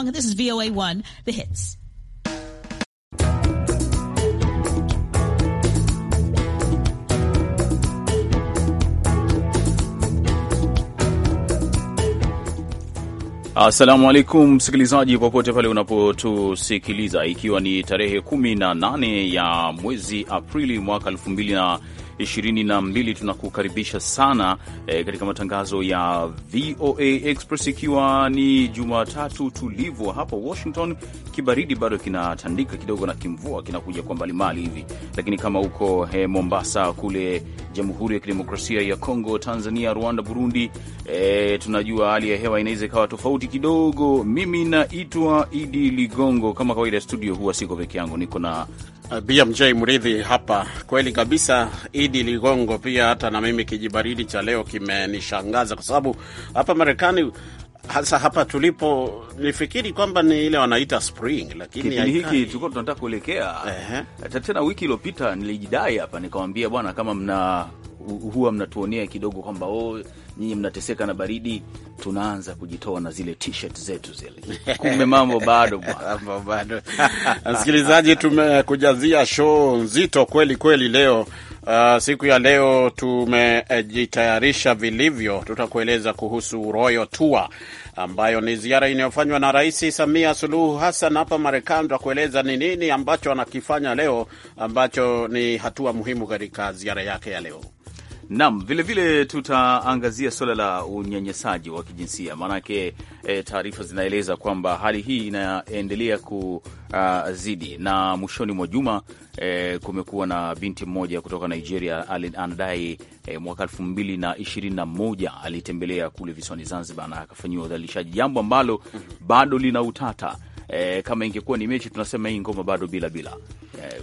Long. This is VOA1, The Hits. Assalamu alaikum msikilizaji, popote pale unapotusikiliza, ikiwa ni tarehe 18 ya mwezi Aprili mwaka 2000 22. Tunakukaribisha sana e, katika matangazo ya VOA Express, ikiwa ni Jumatatu tulivu hapa Washington. Kibaridi bado kinatandika kidogo na kimvua kinakuja kwa mbalimbali hivi, lakini kama huko he, eh, Mombasa kule Jamhuri ya Kidemokrasia ya Kongo, Tanzania, Rwanda, Burundi, e, tunajua hali ya hewa inaweza ikawa tofauti kidogo. Mimi naitwa Idi Ligongo, kama kawaida studio huwa siko peke yangu, niko na Uh, BMJ Mridhi hapa. Kweli kabisa, Idi Ligongo. Pia hata na mimi kijibaridi cha leo kimenishangaza kwa sababu hapa Marekani hasa hapa tulipo nifikiri kwamba ni ile wanaita spring, lakini kipindi hiki tulikuwa tunataka kuelekea eh, tena. Wiki iliyopita nilijidai hapa nikamwambia bwana, kama mna huwa mnatuonea kidogo kwamba oh, nyinyi mnateseka na baridi, tunaanza kujitoa na zile t-shirt zetu zile, kumbe mambo bado bado. Msikilizaji, tumekujazia show nzito kweli kweli leo. Uh, siku ya leo tumejitayarisha vilivyo. Tutakueleza kuhusu Royal Tour ambayo ni ziara inayofanywa na Rais Samia Suluhu Hassan hapa Marekani. Tutakueleza ni nini ambacho anakifanya leo ambacho ni hatua muhimu katika ziara yake ya leo. Naam, vilevile tutaangazia suala la unyanyasaji wa kijinsia maanake, e, taarifa zinaeleza kwamba hali hii inaendelea kuzidi, na mwishoni mwa juma e, kumekuwa na binti mmoja kutoka Nigeria anadai e, eh, mwaka elfu mbili na ishirini na moja alitembelea kule visiwani Zanzibar na akafanyiwa udhalilishaji, jambo ambalo bado lina utata. E, kama ingekuwa ni mechi tunasema hii ngoma bado bila bila e,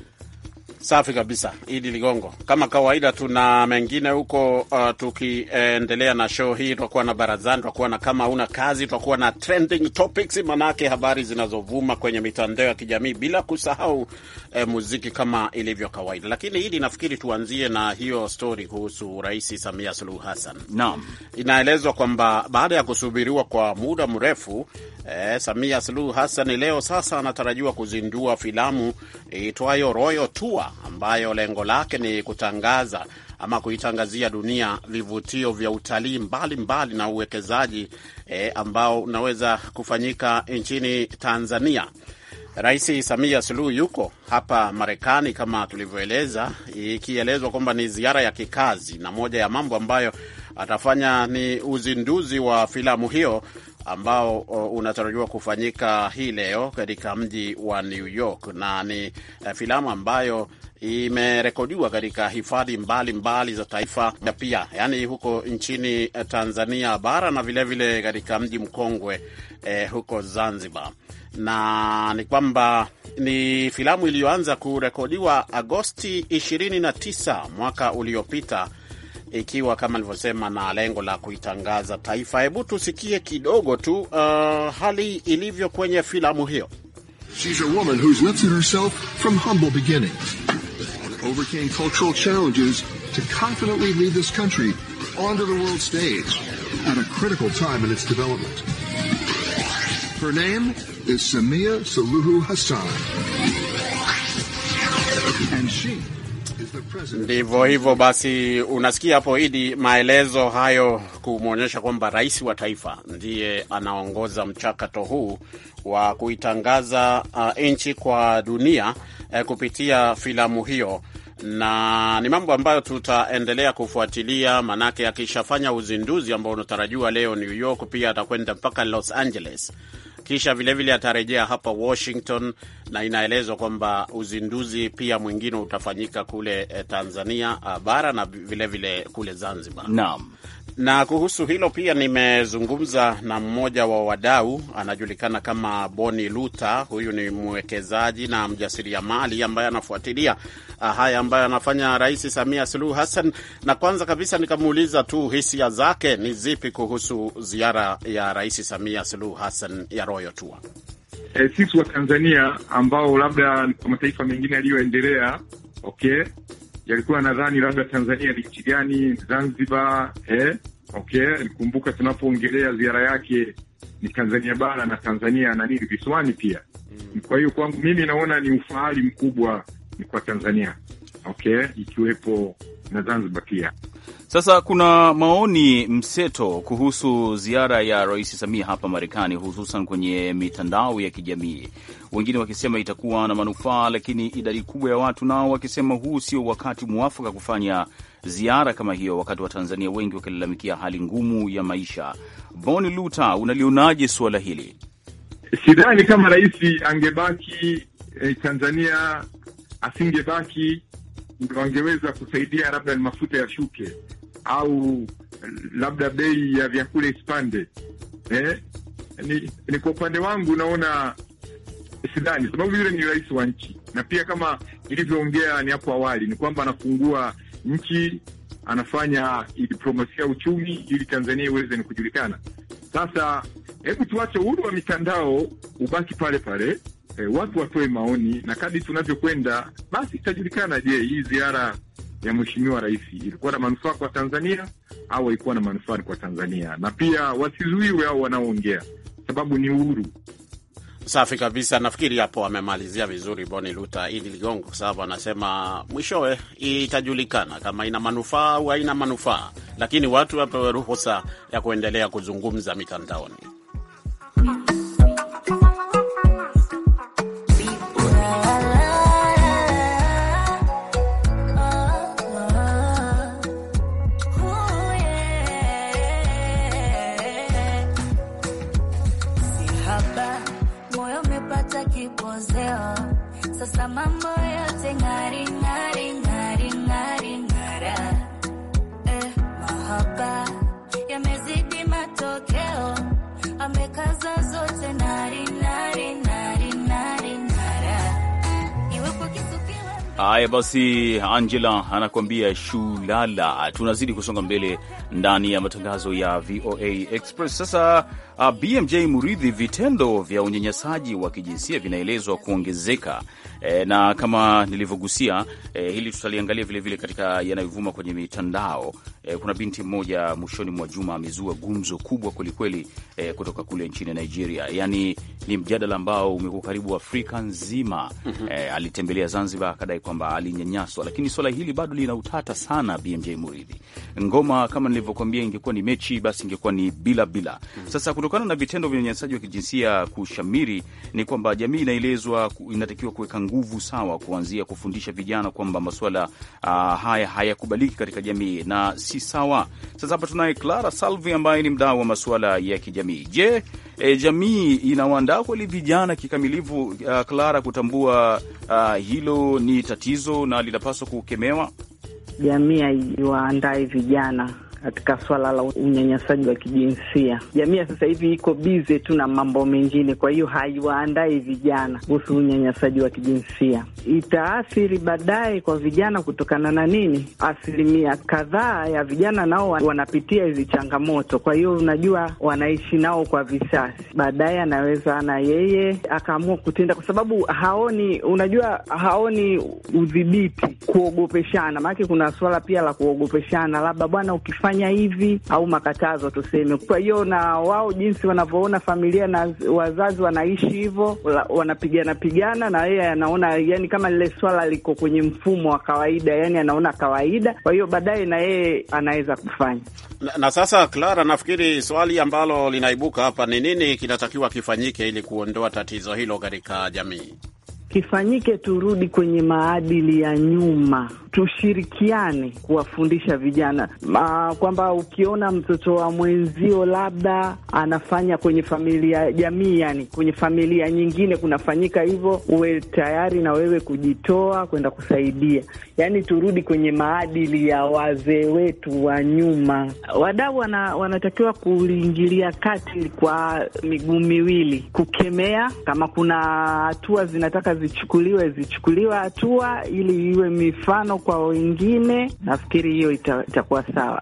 Safi kabisa, Idi Ligongo. Kama kawaida, tuna mengine huko. Uh, tukiendelea na show hii, tutakuwa na barazani, tutakuwa na kama una kazi, tutakuwa na trending topics, manake habari zinazovuma kwenye mitandao ya kijamii, bila kusahau eh, muziki kama ilivyo kawaida. Lakini Idi, nafikiri tuanzie na hiyo story kuhusu Rais Samia Suluhu Hassan. Naam, inaelezwa kwamba baada ya kusubiriwa kwa muda mrefu eh, Samia Suluhu Hassan leo sasa anatarajiwa kuzindua filamu iitwayo Royal Tour ambayo lengo lake ni kutangaza ama kuitangazia dunia vivutio vya utalii mbalimbali na uwekezaji eh, ambao unaweza kufanyika nchini Tanzania. Rais Samia Suluhu yuko hapa Marekani kama tulivyoeleza, ikielezwa kwamba ni ziara ya kikazi, na moja ya mambo ambayo atafanya ni uzinduzi wa filamu hiyo ambao unatarajiwa kufanyika hii leo katika mji wa New York, na ni eh, filamu ambayo imerekodiwa katika hifadhi mbalimbali za taifa na pia yani huko nchini eh, Tanzania bara na vilevile katika mji mkongwe eh, huko Zanzibar na ni kwamba ni filamu iliyoanza kurekodiwa Agosti 29 mwaka uliopita ikiwa kama nilivyosema, na lengo la kuitangaza taifa. Hebu tusikie kidogo tu uh, hali ilivyo kwenye filamu hiyo. She's a woman who's lifted herself from humble beginnings and overcame cultural challenges to confidently lead this country onto the world stage at a critical time in its development. Her name is Samia Suluhu Hassan. And she Ndivyo hivyo basi, unasikia hapo Idi maelezo hayo kumwonyesha kwamba rais wa taifa ndiye anaongoza mchakato huu wa kuitangaza uh, nchi kwa dunia eh, kupitia filamu hiyo, na ni mambo ambayo tutaendelea kufuatilia, manake akishafanya uzinduzi ambao unatarajiwa leo New York, pia atakwenda mpaka Los Angeles kisha vilevile atarejea hapa Washington, na inaelezwa kwamba uzinduzi pia mwingine utafanyika kule eh, Tanzania eh, bara na vilevile kule Zanzibar. Naam. Na kuhusu hilo pia nimezungumza na mmoja wa wadau, anajulikana kama Boni Luta. Huyu ni mwekezaji na mjasiriamali ambaye anafuatilia ah, haya ambayo anafanya Rais Samia Suluhu Hassan, na kwanza kabisa nikamuuliza tu hisia zake ni zipi kuhusu ziara ya Rais Samia Suluhu Hassan ya Royal Tour. E, sisi wa Tanzania ambao labda kwa mataifa mengine yaliyoendelea okay yalikuwa nadhani labda Tanzania ni nchi gani, Zanzibar eh? Okay, nikumbuka tunapoongelea ziara yake ni Tanzania bara na Tanzania na nini visiwani pia. Mm. Kwa hiyo kwangu mimi naona ni ufahari mkubwa ni kwa Tanzania okay, ikiwepo na Zanzibar pia. Sasa kuna maoni mseto kuhusu ziara ya Rais Samia hapa Marekani, hususan kwenye mitandao ya kijamii, wengine wakisema itakuwa na manufaa, lakini idadi kubwa ya watu nao wakisema huu sio wakati mwafaka kufanya ziara kama hiyo, wakati wa Tanzania wengi wakilalamikia hali ngumu ya maisha. Boni Luta, unalionaje suala hili? Sidhani kama rais angebaki eh, Tanzania asingebaki ndo angeweza kusaidia labda ni mafuta ya shuke, au labda bei ya vyakula ispande eh? Ni, ni kwa upande wangu naona sidhani, sababu yule ni rais wa nchi, na pia kama nilivyoongea ni hapo awali, ni kwamba anafungua nchi, anafanya diplomasia uchumi ili Tanzania iweze ni kujulikana. Sasa hebu tuache uhuru wa mitandao ubaki pale pale, e, watu watoe maoni, na kadri tunavyokwenda basi itajulikana, je, hii ziara ya mheshimiwa rais ilikuwa na manufaa kwa Tanzania au haikuwa na manufaa kwa Tanzania, na pia wasizuiwe au wanaoongea, sababu ni uhuru. Safi kabisa. Nafikiri hapo amemalizia vizuri Boni Luta Idi Ligongo, kwa sababu anasema mwishowe itajulikana kama ina manufaa au haina manufaa, lakini watu wapewe ruhusa ya kuendelea kuzungumza mitandaoni. Haya basi, Angela anakuambia shulala. Tunazidi kusonga mbele ndani ya matangazo ya VOA Express. Sasa uh, BMJ Muridhi, vitendo vya unyanyasaji wa kijinsia vinaelezwa kuongezeka e, na kama nilivyogusia e, hili tutaliangalia vilevile katika yanayovuma kwenye mitandao e, kuna binti mmoja mwishoni mwa juma amezua gumzo kubwa kwelikweli e, kutoka kule nchini Nigeria. Yani ni mjadala ambao umekuwa karibu Afrika nzima E, alitembelea Zanzibar akadai kwamba alinyanyaswa, lakini swala hili bado lina utata sana. BMJ Muridhi, ngoma kama nilivyokuambia ingekuwa ni mechi basi ingekuwa ni bila bila. Sasa kutokana na vitendo vya unyanyasaji wa kijinsia kushamiri, ni kwamba jamii inaelezwa inatakiwa kuweka nguvu sawa, kuanzia kufundisha vijana kwamba masuala uh, ah, haya hayakubaliki katika jamii na si sawa. Sasa hapa tunaye Clara Salvi ambaye ni mdau wa masuala ya kijamii. Je, e, jamii inawaandaa kweli vijana kikamilifu uh, Clara, kutambua uh, hilo ni tatizo na linapaswa kukemewa? Jamii haiwaandae vijana katika swala la unyanyasaji wa kijinsia. Jamii sasa hivi iko bize tu na mambo mengine, kwa hiyo haiwaandai vijana kuhusu unyanyasaji wa kijinsia. Itaathiri baadaye kwa vijana kutokana na nini? Asilimia kadhaa ya vijana nao wanapitia hizi changamoto, kwa hiyo unajua, wanaishi nao kwa visasi. Baadaye anaweza na yeye akaamua kutenda, kwa sababu haoni, unajua, haoni udhibiti, kuogopeshana. Maanake kuna swala pia la kuogopeshana, labda bwana, ukifanya kufanya hivi au makatazo tuseme. Kwa hiyo na wao jinsi wanavyoona familia na wazazi wanaishi hivyo, wanapigana pigana, na yeye anaona yani kama lile swala liko kwenye mfumo wa kawaida, yani anaona kawaida. Kwa hiyo baadaye na yeye anaweza kufanya na, na sasa, Clara, nafikiri swali ambalo linaibuka hapa ni nini kinatakiwa kifanyike ili kuondoa tatizo hilo katika jamii? kifanyike, turudi kwenye maadili ya nyuma, tushirikiane kuwafundisha vijana kwamba ukiona mtoto wa mwenzio labda anafanya kwenye familia jamii, yani kwenye familia nyingine kunafanyika hivyo, uwe tayari na wewe kujitoa kwenda kusaidia. Yani turudi kwenye maadili ya wazee wetu wa nyuma. Wadau wana, wanatakiwa kuliingilia kati kwa miguu miwili, kukemea kama kuna hatua zinataka zi zichukuliwe zichukuliwe hatua ili iwe mifano kwa wengine. Nafikiri hiyo ita, itakuwa sawa.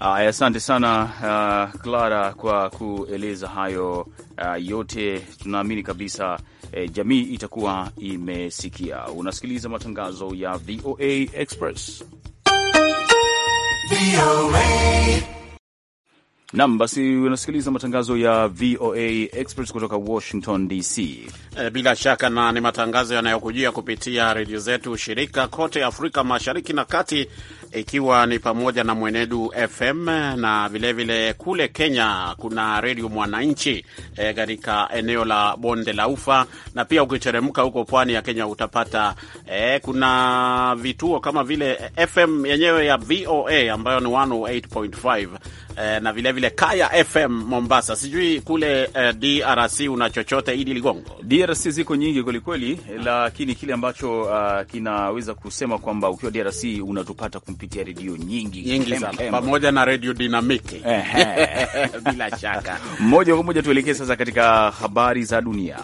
Aya, asante sana uh, Clara kwa kueleza hayo uh, yote. Tunaamini kabisa eh, jamii itakuwa imesikia. Unasikiliza matangazo ya VOA Express. VOA. Nam, basi unasikiliza matangazo ya VOA Express kutoka Washington DC. Eh, bila shaka na ni matangazo yanayokujia kupitia redio zetu shirika kote Afrika Mashariki na Kati ikiwa ni pamoja na Mwenedu FM na vilevile vile kule Kenya kuna Redio Mwananchi eh, katika e, eneo la bonde la Ufa, na pia ukiteremka huko pwani ya Kenya utapata e, kuna vituo kama vile FM yenyewe ya VOA ambayo ni 108.5 e, eh, na vilevile vile Kaya FM Mombasa. Sijui kule e, DRC una chochote Idi Ligongo? DRC ziko nyingi kwelikweli, lakini kile ambacho uh, kinaweza kusema kwamba ukiwa DRC unatupata kum kupitia redio nyingi, nyingi sana pamoja na redio Dinamiki bila shaka. Moja kwa moja tuelekee sasa katika habari za dunia.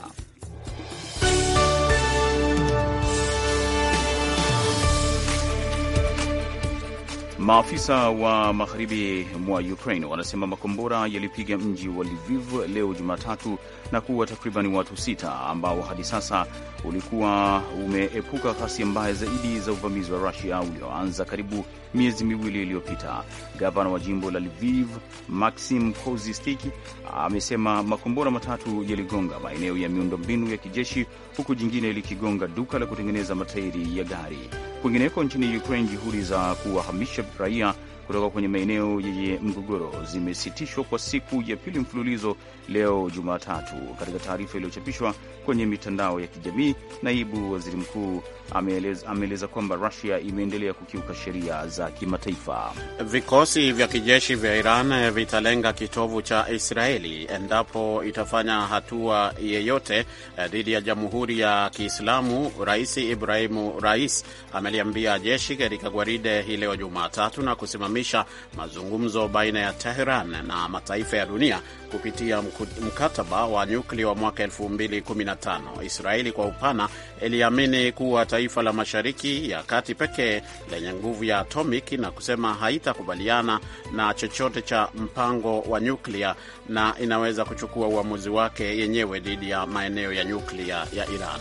Maafisa wa magharibi mwa Ukraine wanasema makombora yalipiga mji wa Lviv leo Jumatatu na kuua takriban watu sita ambao hadi sasa ulikuwa umeepuka ghasia mbaya zaidi za uvamizi wa Rusia ulioanza karibu miezi miwili iliyopita. Gavana wa jimbo la Lviv Maxim Kozistik amesema makombora matatu yaligonga maeneo ya miundombinu ya kijeshi, huku jingine likigonga duka la kutengeneza matairi ya gari. Kwingineko nchini Ukraine, juhudi za kuwahamisha raia kutoka kwenye maeneo yenye mgogoro zimesitishwa kwa siku ya pili mfululizo leo Jumatatu. Katika taarifa iliyochapishwa kwenye mitandao ya kijamii, naibu waziri mkuu ameeleza kwamba Rusia imeendelea kukiuka sheria za kimataifa. Vikosi vya kijeshi vya Iran vitalenga kitovu cha Israeli endapo itafanya hatua yeyote dhidi ya jamhuri ya Kiislamu. Rais Ibrahimu Rais ameliambia jeshi katika gwaride hii leo Jumatatu na kusimamia kusimamisha mazungumzo baina ya Teheran na mataifa ya dunia kupitia mkataba wa nyuklia wa mwaka 2015. Israeli kwa upana iliamini kuwa taifa la Mashariki ya Kati pekee lenye nguvu ya atomic na kusema haitakubaliana na chochote cha mpango wa nyuklia na inaweza kuchukua uamuzi wake yenyewe dhidi ya maeneo ya nyuklia ya Iran.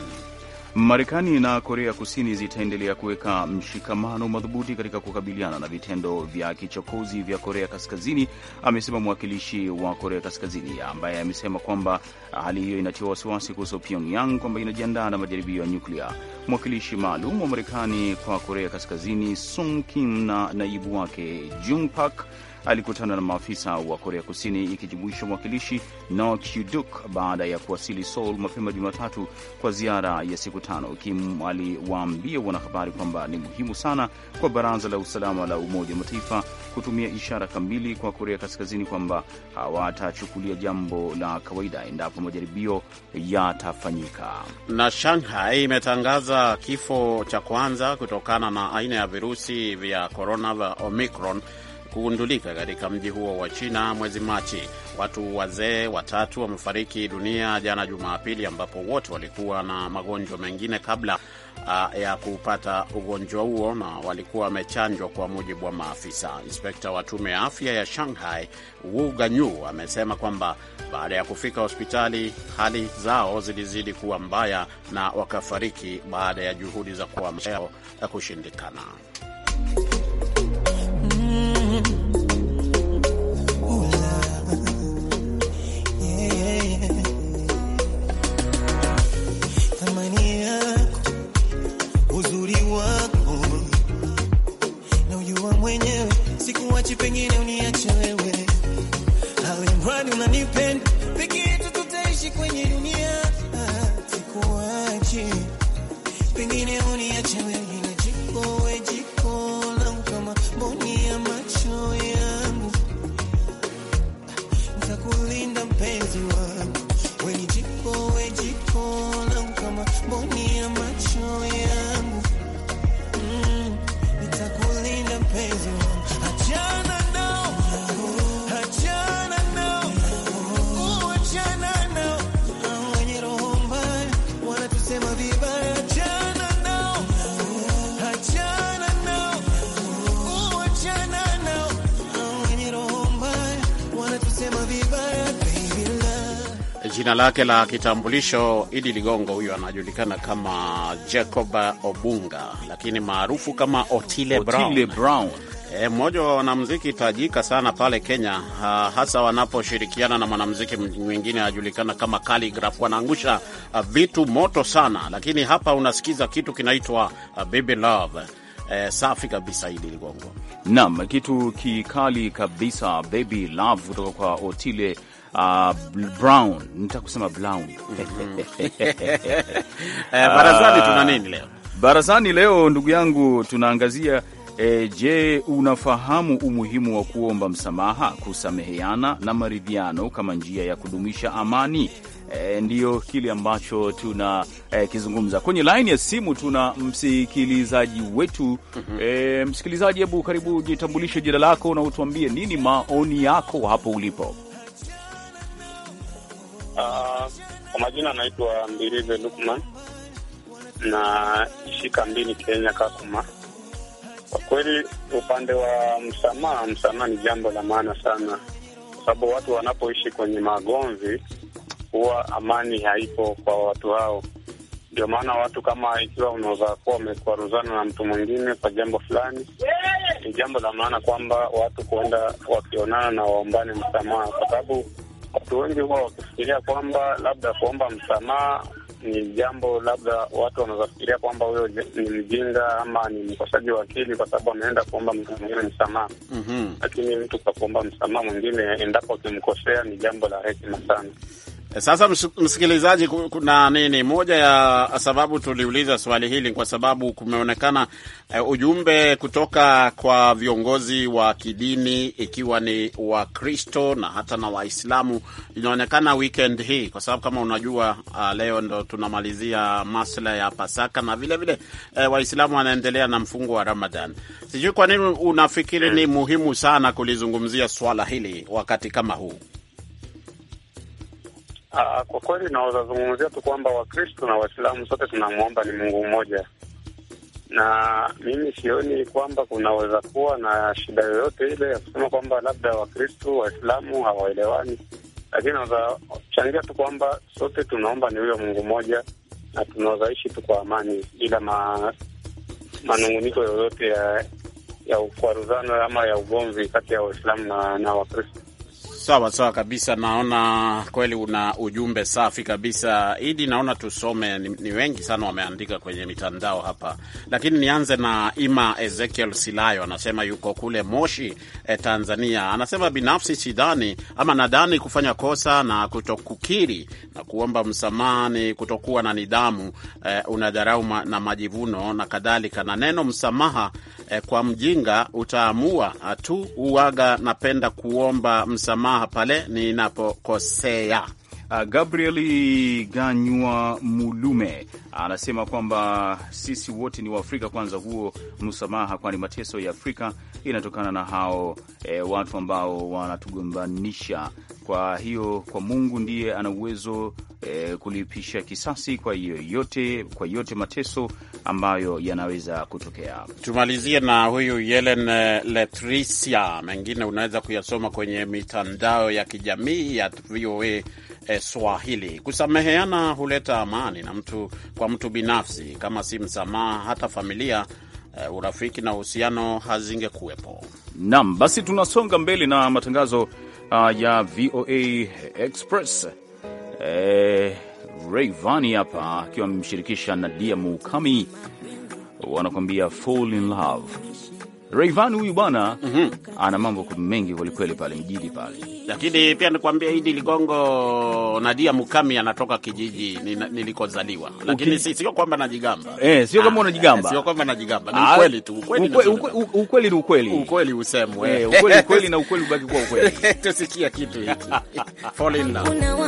Marekani na Korea Kusini zitaendelea kuweka mshikamano madhubuti katika kukabiliana na vitendo vya kichokozi vya Korea Kaskazini, amesema mwakilishi wa Korea Kaskazini, ambaye amesema kwamba hali hiyo inatia wasiwasi kuhusu Pyongyang kwamba inajiandaa na majaribio ya nyuklia. Mwakilishi maalum wa Marekani kwa Korea Kaskazini Sung Kim na naibu wake Jung Pak alikutana na maafisa wa Korea Kusini ikijumuisha mwakilishi No Kiduk baada ya kuwasili Seoul mapema Jumatatu kwa ziara ya siku tano. Kim aliwaambia wanahabari kwamba ni muhimu sana kwa Baraza la Usalama la Umoja wa Mataifa kutumia ishara kamili kwa Korea Kaskazini kwamba hawatachukulia jambo la kawaida endapo majaribio yatafanyika. Na Shanghai imetangaza kifo cha kwanza kutokana na aina ya virusi vya korona vya Omicron kugundulika katika mji huo wa China mwezi Machi. Watu wazee watatu wamefariki dunia jana Jumapili, ambapo wote walikuwa na magonjwa mengine kabla uh, ya kupata ugonjwa huo na walikuwa wamechanjwa, kwa mujibu wa maafisa. Inspekta wa tume ya afya ya Shanghai Wu Ganyu amesema kwamba baada ya kufika hospitali hali zao zilizidi kuwa mbaya na wakafariki baada ya juhudi za kuamshao kushindikana. kuishi, pengine uniache wewe, alimradi unanipenda, peke yetu tutaishi kwenye dunia, sikuachi, pengine uniache wewe jina lake la kitambulisho Idi Ligongo. Huyo anajulikana kama Jacob Obunga, lakini maarufu kama Otile, Otile Brown, eh, mmoja e, wa wanamziki tajika sana pale Kenya, ha, hasa wanaposhirikiana na mwanamziki mwingine anajulikana kama Khaligraph. Wanaangusha vitu moto sana, lakini hapa unasikiza kitu kinaitwa Baby Love. Eh, safi kabisa Idi Ligongo. Naam, kitu kikali kabisa Baby Love kutoka kwa Otile uh, Brown, Brown eh, barazani. Tuna ah, nini leo barazani? Leo ndugu yangu, tunaangazia E, je, unafahamu umuhimu wa kuomba msamaha, kusameheana na maridhiano kama njia ya kudumisha amani? E, ndiyo kile ambacho tuna e, kizungumza kwenye laini ya simu. Tuna msikilizaji wetu e, msikilizaji, hebu karibu jitambulishe jina lako na utuambie nini maoni yako hapo ulipo. Uh, kwa majina anaitwa Mbirive Lukman na ishi kambini Kenya Kakuma. Kwa kweli, upande wa msamaha, msamaha ni jambo la maana sana, kwa sababu watu wanapoishi kwenye magomvi huwa amani haipo kwa watu hao. Ndio maana watu kama ikiwa unaweza kuwa umekwaruzana na mtu mwingine kwa jambo fulani, ni jambo la maana kwamba watu kuenda wakionana na waombane msamaha, kwa sababu watu wengi huwa wakifikiria kwamba labda kuomba msamaha ni jambo labda watu wanaweza fikiria kwamba huyo ni mjinga ama ni mkosaji wa akili, kwa sababu ameenda kuomba mtu mwingine msamaha. Mhm. Lakini mtu kwa kuomba msamaha mwingine endapo akimkosea ni jambo la hekima sana. Eh, sasa msikilizaji, kuna nini? Moja ya sababu tuliuliza swali hili kwa sababu kumeonekana uh, ujumbe kutoka kwa viongozi wa kidini ikiwa ni Wakristo na hata na Waislamu inaonekana weekend hii, kwa sababu kama unajua uh, leo ndo tunamalizia masuala ya Pasaka na vilevile uh, eh, Waislamu wanaendelea na mfungo wa Ramadan. Sijui kwa nini unafikiri ni muhimu sana kulizungumzia swala hili wakati kama huu? Aa, ah, ah, kwa kweli nawezazungumzia tu kwamba Wakristo na Waislamu sote tunamwomba ni Mungu mmoja, na mimi sioni kwamba kunaweza kuwa na shida yoyote ile ya kusema kwamba labda Wakristo Waislamu hawaelewani, lakini naweza changia tu kwamba sote tunaomba ni huyo Mungu mmoja na tunawezaishi tu kwa amani bila ma, manunguniko yoyote ya, ya ukwaruzano ama ya ugomvi kati ya Waislamu na, na Wakristo. Sawa sawa kabisa, naona kweli una ujumbe safi kabisa Idi, naona tusome ni, ni wengi sana wameandika kwenye mitandao hapa, lakini nianze na Ima Ezekiel Silayo, anasema yuko kule Moshi eh, Tanzania. Anasema binafsi sidhani ama nadhani kufanya kosa na kutokukiri na kuomba msamaha ni kutokuwa na nidhamu eh, unadharau ma, na majivuno na kadhalika, na neno msamaha eh, kwa mjinga utaamua ah, tu uaga Napenda kuomba msamaha msamaha pale ninapokosea. Uh, gabriel Ganywa Mulume anasema kwamba sisi wote ni Waafrika kwanza, huo msamaha, kwani mateso ya Afrika inatokana na hao e, watu ambao wanatugombanisha. Kwa hiyo kwa Mungu ndiye ana uwezo e, kulipisha kisasi kwa yote, kwa yote mateso ambayo yanaweza kutokea. Tumalizie na huyu Yelen eh, Letrisia, mengine unaweza kuyasoma kwenye mitandao ya kijamii ya VOA e, Swahili. Kusameheana huleta amani na mtu kwa mtu binafsi, kama si msamaha, hata familia e, urafiki na uhusiano hazingekuwepo. Naam, basi tunasonga mbele na matangazo uh, ya VOA Express. e, Rayvanny hapa akiwa amemshirikisha Nadia Mukami wanakuambia fall in love. Rayvan huyu bwana mm -hmm. ana mambo mengi kwelikweli pale mjini pale, lakini pia nikwambia Idi Ligongo, Nadia Mukami anatoka kijiji nilikozaliwa, lakini okay. sio kwamba najigamba eh, sio kama ah, unajigamba, sio kwamba najigamba, ni ah, ukweli tu, ukweli ni ukweli, ukweli ukweli usemwe eh, ukweli ukweli na ukweli ubaki kuwa ukweli. Tusikia kitu hiki fall in love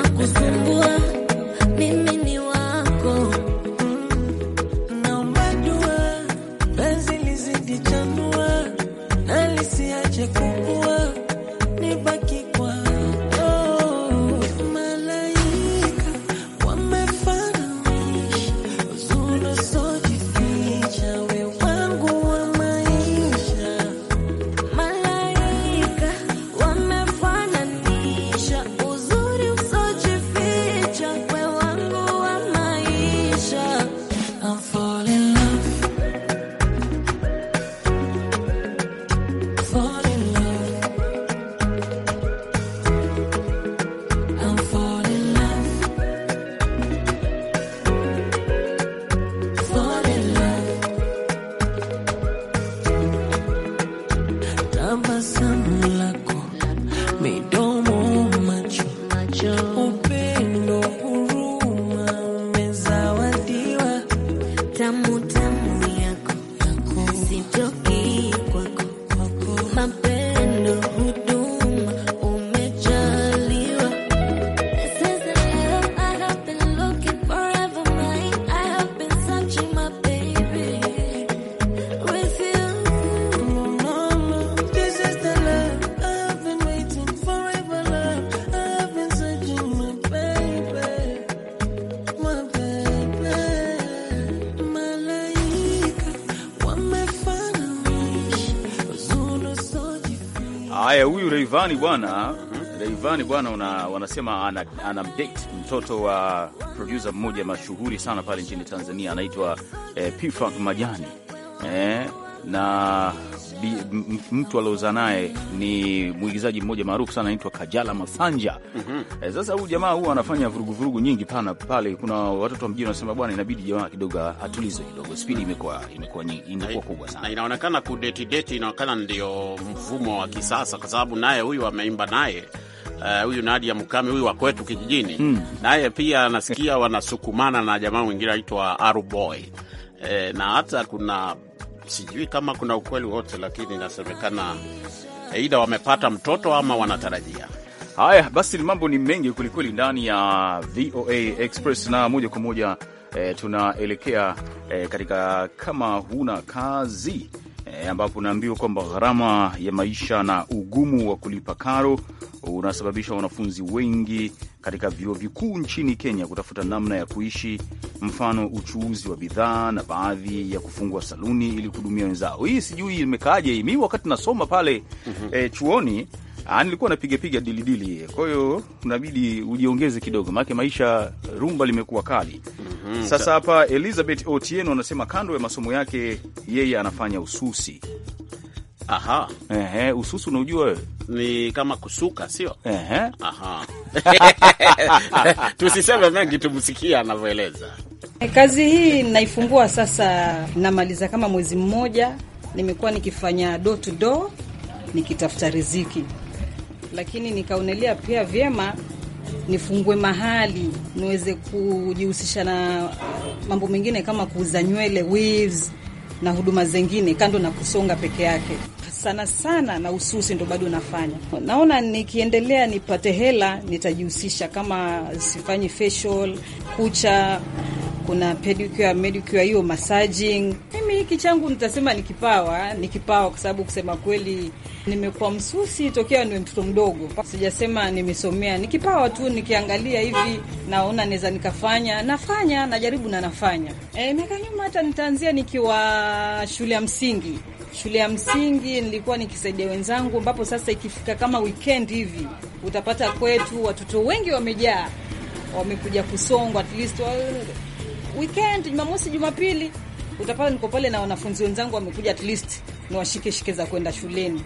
Rayvanny bwana, mhm, Rayvanny bwana, wanasema ana, ana date mtoto wa producer mmoja mashuhuri sana pale nchini Tanzania anaitwa eh, P Funk Majani eh, na mtu aliozaa naye ni mwigizaji mmoja maarufu sana anaitwa Kajala Masanja. mm -hmm. sasa huyu jamaa huwa anafanya vuruguvurugu nyingi pana pale. Kuna watoto wa mjini wanasema bwana, inabidi jamaa kidogo atulize kidogo, spidi imekuwa imekuwa imekuwa kubwa sana, na inaonekana kudeti deti, inaonekana ndio mfumo wa kisasa, kwa sababu naye huyu ameimba naye eh, huyu Nadia Mukami huyu wa kwetu kijijini hmm. naye pia anasikia wanasukumana na jamaa mwingine anaitwa Aruboy. E, na hata kuna sijui kama kuna ukweli wote, lakini inasemekana aidha wamepata mtoto ama wanatarajia. Haya basi, mambo ni mengi kwelikweli ndani ya VOA Express na moja kwa moja eh, tunaelekea eh, katika kama huna kazi Eh, ambapo unaambiwa kwamba gharama ya maisha na ugumu wa kulipa karo unasababisha wanafunzi wengi katika vyuo vikuu nchini Kenya kutafuta namna ya kuishi, mfano uchuuzi wa bidhaa na baadhi ya kufungua saluni ili kuhudumia wenzao. Hii sijui imekaaje, mi wakati nasoma pale mm -hmm. e, chuoni Ah, nilikuwa napiga piga dili dili, kwa hiyo unabidi ujiongeze kidogo, maana maisha rumba limekuwa kali. mm -hmm. Sasa hapa Elizabeth Otieno anasema kando ya masomo yake yeye anafanya ususi. Aha. Ehe, ususi unaujua wewe? Ni kama kusuka, sio? Ehe. Aha. Tusiseme mengi, tumsikie anavyoeleza. Kazi hii naifungua sasa, namaliza kama mwezi mmoja, nimekuwa nikifanya door to door nikitafuta riziki lakini nikaonelea pia vyema nifungue mahali niweze kujihusisha na mambo mengine kama kuuza nywele weaves na huduma zengine kando na kusonga peke yake. Sana sana na ususi ndo bado nafanya. Naona nikiendelea nipate hela nitajihusisha, kama sifanyi facial, kucha, kuna pedicure, medicure, hiyo massaging. Mimi hiki changu nitasema ni kipawa, ni kipawa kwa sababu kusema kweli Nimekuwa msusi tokea ni mtoto mdogo, sijasema nimesomea, nikipawa tu, nikiangalia hivi naona naweza nikafanya, nafanya, najaribu na nafanya. E, miaka nyuma hata nitaanzia nikiwa shule ya msingi shule ya msingi nilikuwa nikisaidia wenzangu, ambapo sasa ikifika kama weekend hivi utapata kwetu watoto wengi wamejaa, wamekuja kusongwa at least wa weekend, Jumamosi, Jumapili utapata niko pale na wanafunzi wenzangu wamekuja at least niwashike shike za kwenda shuleni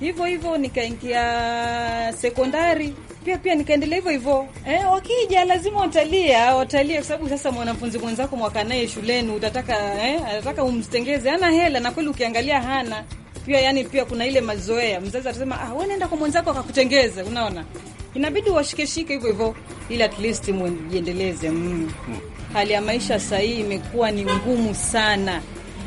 hivyo hivyo, nikaingia sekondari pia pia nikaendelea hivyo hivyo. Eh, wakija lazima watalia ah, watalia, kwa sababu sasa mwanafunzi mwenzako mwaka naye shuleni utataka eh, anataka umtengeze, hana hela na kweli ukiangalia hana pia, yani pia kuna ile mazoea, mzazi atasema ah, wewe nenda kwa mwenzako akakutengeze. Unaona, inabidi washikeshike hivyo hivyo, ili at least mwenjiendeleze. mm. Hali ya maisha sasa hii imekuwa ni ngumu sana,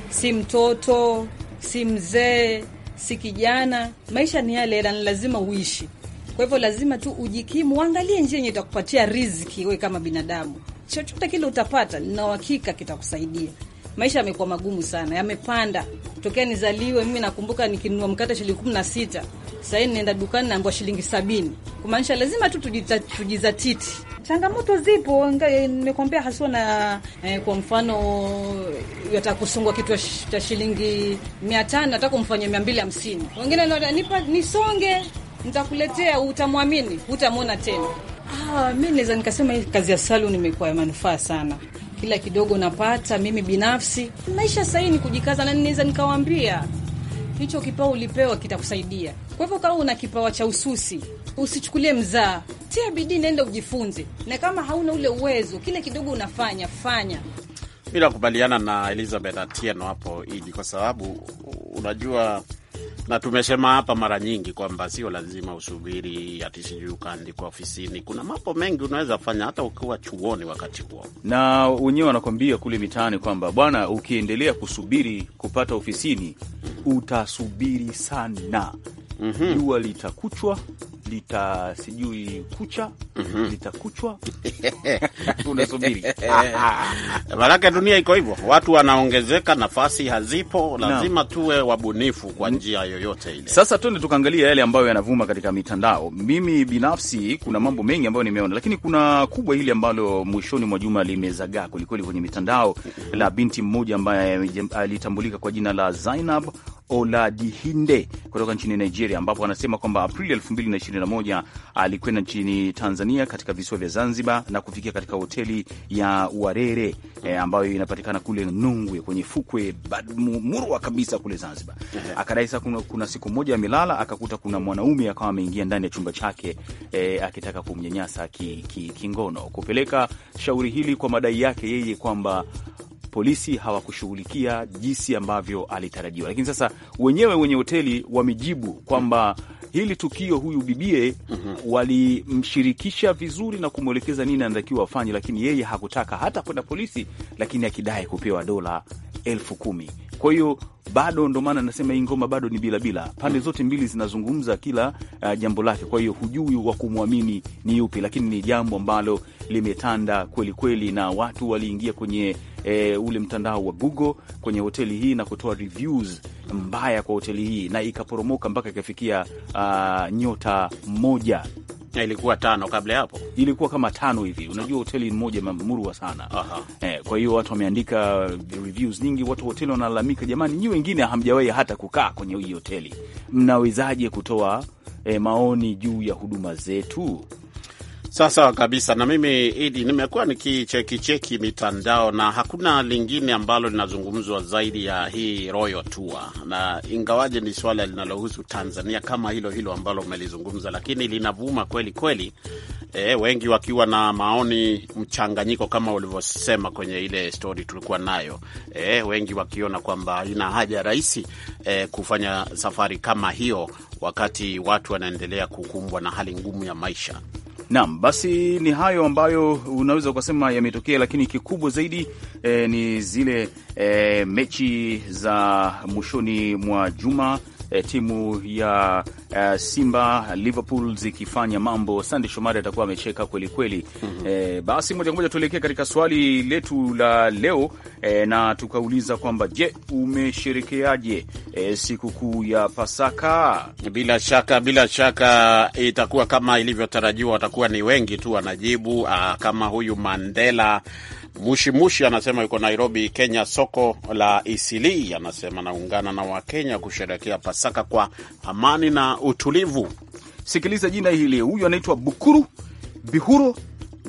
si mtoto si mzee si kijana, maisha ni yale na lazima uishi. Kwa hivyo lazima tu ujikimu, uangalie njia yenye itakupatia riziki wewe kama binadamu. Chochote kile utapata, nina uhakika kitakusaidia maisha yamekuwa magumu sana, yamepanda tokea nizaliwe. Mimi nakumbuka nikinunua mkate shilingi kumi na sita, sahii hivi dukani naambiwa shilingi sabini. Kumaanisha lazima tu tujizatiti. Changamoto zipo, eh, nimekuambia haswa na eh, kwa mfano yataka kusungwa kitu cha shilingi mia tano nataka kumfanyia mia mbili hamsini, wengine nipa nisonge, nitakuletea utamwamini, utamwona tena. Ah, mi naweza nikasema hii kazi ya saluni imekuwa ya manufaa sana kila kidogo napata mimi binafsi. Maisha sahii ni kujikaza, na ninaweza nikawaambia hicho kipawa ulipewa kitakusaidia. Kwa hivyo kama una kipawa cha ususi, usichukulie mzaa, tia bidii, naenda ujifunze, na kama hauna ule uwezo, kile kidogo unafanya fanya. Mi nakubaliana na Elizabeth Atieno hapo Idi, kwa sababu unajua na tumesema hapa mara nyingi kwamba sio lazima usubiri hati sijui ukaandikwa ofisini. Kuna mambo mengi unaweza fanya hata ukiwa chuoni wakati huo, na wenyewe wanakwambia kule mitaani kwamba bwana, ukiendelea kusubiri kupata ofisini utasubiri sana, mhm. jua mm -hmm. litakuchwa lita sijui kucha mm -hmm. litakuchwa unasubiri baraka. Dunia iko hivyo, watu wanaongezeka, nafasi hazipo, lazima no. tuwe wabunifu kwa njia yoyote ile. Sasa tuende tukaangalia yale ambayo yanavuma katika mitandao. Mimi binafsi kuna mambo mengi ambayo nimeona, lakini kuna kubwa hili ambalo mwishoni mwa juma limezagaa kwelikweli kwenye mitandao mm -hmm. la binti mmoja ambaye alitambulika kwa jina la Zainab Oladihinde kutoka nchini Nigeria, ambapo anasema kwamba Aprili 2021 alikwenda nchini Tanzania katika visiwa vya Zanzibar na kufikia katika hoteli ya Warere e, ambayo inapatikana kule Nungwe kwenye fukwe murwa kabisa kule Zanzibar. Mhm. Akadai saa kuna, kuna siku moja amelala akakuta kuna mwanaume akawa ameingia ndani ya chumba chake e, akitaka kumnyanyasa kingono ki, ki kupeleka shauri hili kwa madai yake yeye kwamba polisi hawakushughulikia jinsi ambavyo alitarajiwa. Lakini sasa wenyewe wenye hoteli wamejibu kwamba hili tukio huyu bibie mm -hmm. walimshirikisha vizuri na kumwelekeza nini anatakiwa afanye, lakini yeye hakutaka hata kwenda polisi, lakini akidai kupewa dola elfu kumi kwa hiyo bado ndo maana nasema hii ngoma bado ni bila bila. Pande zote mbili zinazungumza kila uh, jambo lake. Kwa hiyo hujui wa kumwamini ni yupi, lakini ni jambo ambalo limetanda kweli kweli, na watu waliingia kwenye e, ule mtandao wa Google kwenye hoteli hii na kutoa reviews mbaya kwa hoteli hii, na ikaporomoka mpaka ikafikia uh, nyota moja ilikuwa tano kabla ya hapo, ilikuwa kama tano hivi. Unajua hoteli moja mamurua sana eh, kwa hiyo watu wameandika reviews nyingi, watu hoteli wanala wanalalamika, jamani, nyi wengine hamjawahi hata kukaa kwenye hii hoteli, mnawezaje kutoa e, maoni juu ya huduma zetu? Sasa kabisa. Na mimi Idi, nimekuwa nikichekicheki mitandao na hakuna lingine ambalo linazungumzwa zaidi ya hii Royal Tour, na ingawaje ni swala linalohusu Tanzania kama hilo hilo ambalo umelizungumza, lakini linavuma kweli kweli E, wengi wakiwa na maoni mchanganyiko kama ulivyosema kwenye ile stori tulikuwa nayo. E, wengi wakiona kwamba ina haja rahisi e, kufanya safari kama hiyo wakati watu wanaendelea kukumbwa na hali ngumu ya maisha. Naam, basi ni hayo ambayo unaweza ukasema yametokea, lakini kikubwa zaidi e, ni zile e, mechi za mwishoni mwa juma eh, timu ya eh, Simba Liverpool zikifanya mambo, Sande Shomari atakuwa amecheka kwelikweli. mm -hmm. Eh, basi moja kwa moja tuelekee katika swali letu la leo eh, na tukauliza kwamba je, umesherekeaje eh, sikukuu ya Pasaka? Bila shaka bila shaka itakuwa kama ilivyotarajiwa, watakuwa ni wengi tu wanajibu. Ah, kama huyu Mandela Mushimushi anasema yuko Nairobi, Kenya, soko la Isilii. Anasema naungana na Wakenya kusherekea Pasaka kwa amani na utulivu. Sikiliza jina hili, huyu anaitwa Bukuru Bihuro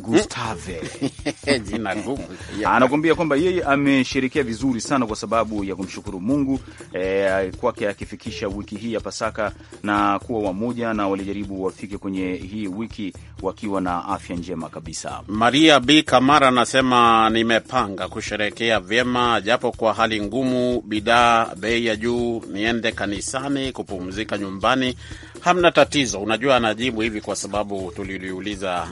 Gustave jina gumu anakuambia ah, kwamba yeye amesherekea vizuri sana kwa sababu ya kumshukuru Mungu eh, kwake akifikisha wiki hii ya Pasaka na kuwa wamoja na walijaribu wafike kwenye hii wiki wakiwa na afya njema kabisa. Maria B Kamara anasema nimepanga kusherekea vyema, japo kwa hali ngumu, bidhaa bei ya juu, niende kanisani, kupumzika nyumbani, hamna tatizo. Unajua anajibu hivi kwa sababu tuliliuliza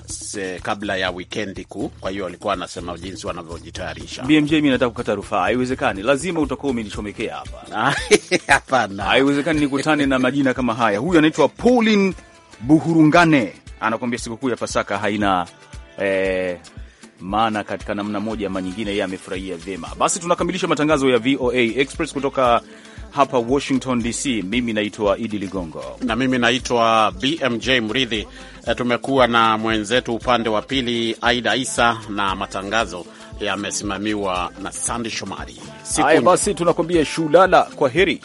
kabla kabla ya wikendi kuu. Kwa hiyo walikuwa wanasema jinsi wanavyojitayarisha. BMJ, mi nataka kukata rufaa, haiwezekani. Lazima utakuwa umenichomekea hapa. Hapana, haiwezekani nikutane na majina kama haya. Huyu anaitwa Paulin Buhurungane, anakuambia sikukuu ya Pasaka haina eh, maana katika namna moja ama nyingine, yeye amefurahia vyema. Basi tunakamilisha matangazo ya VOA Express kutoka hapa Washington DC. Mimi naitwa Idi Ligongo na mimi naitwa BMJ Mridhi. Eh, tumekuwa na mwenzetu upande wa pili Aida Isa na matangazo yamesimamiwa na Sandi Shomari. Haya basi, tunakuambia shulala, kwa heri.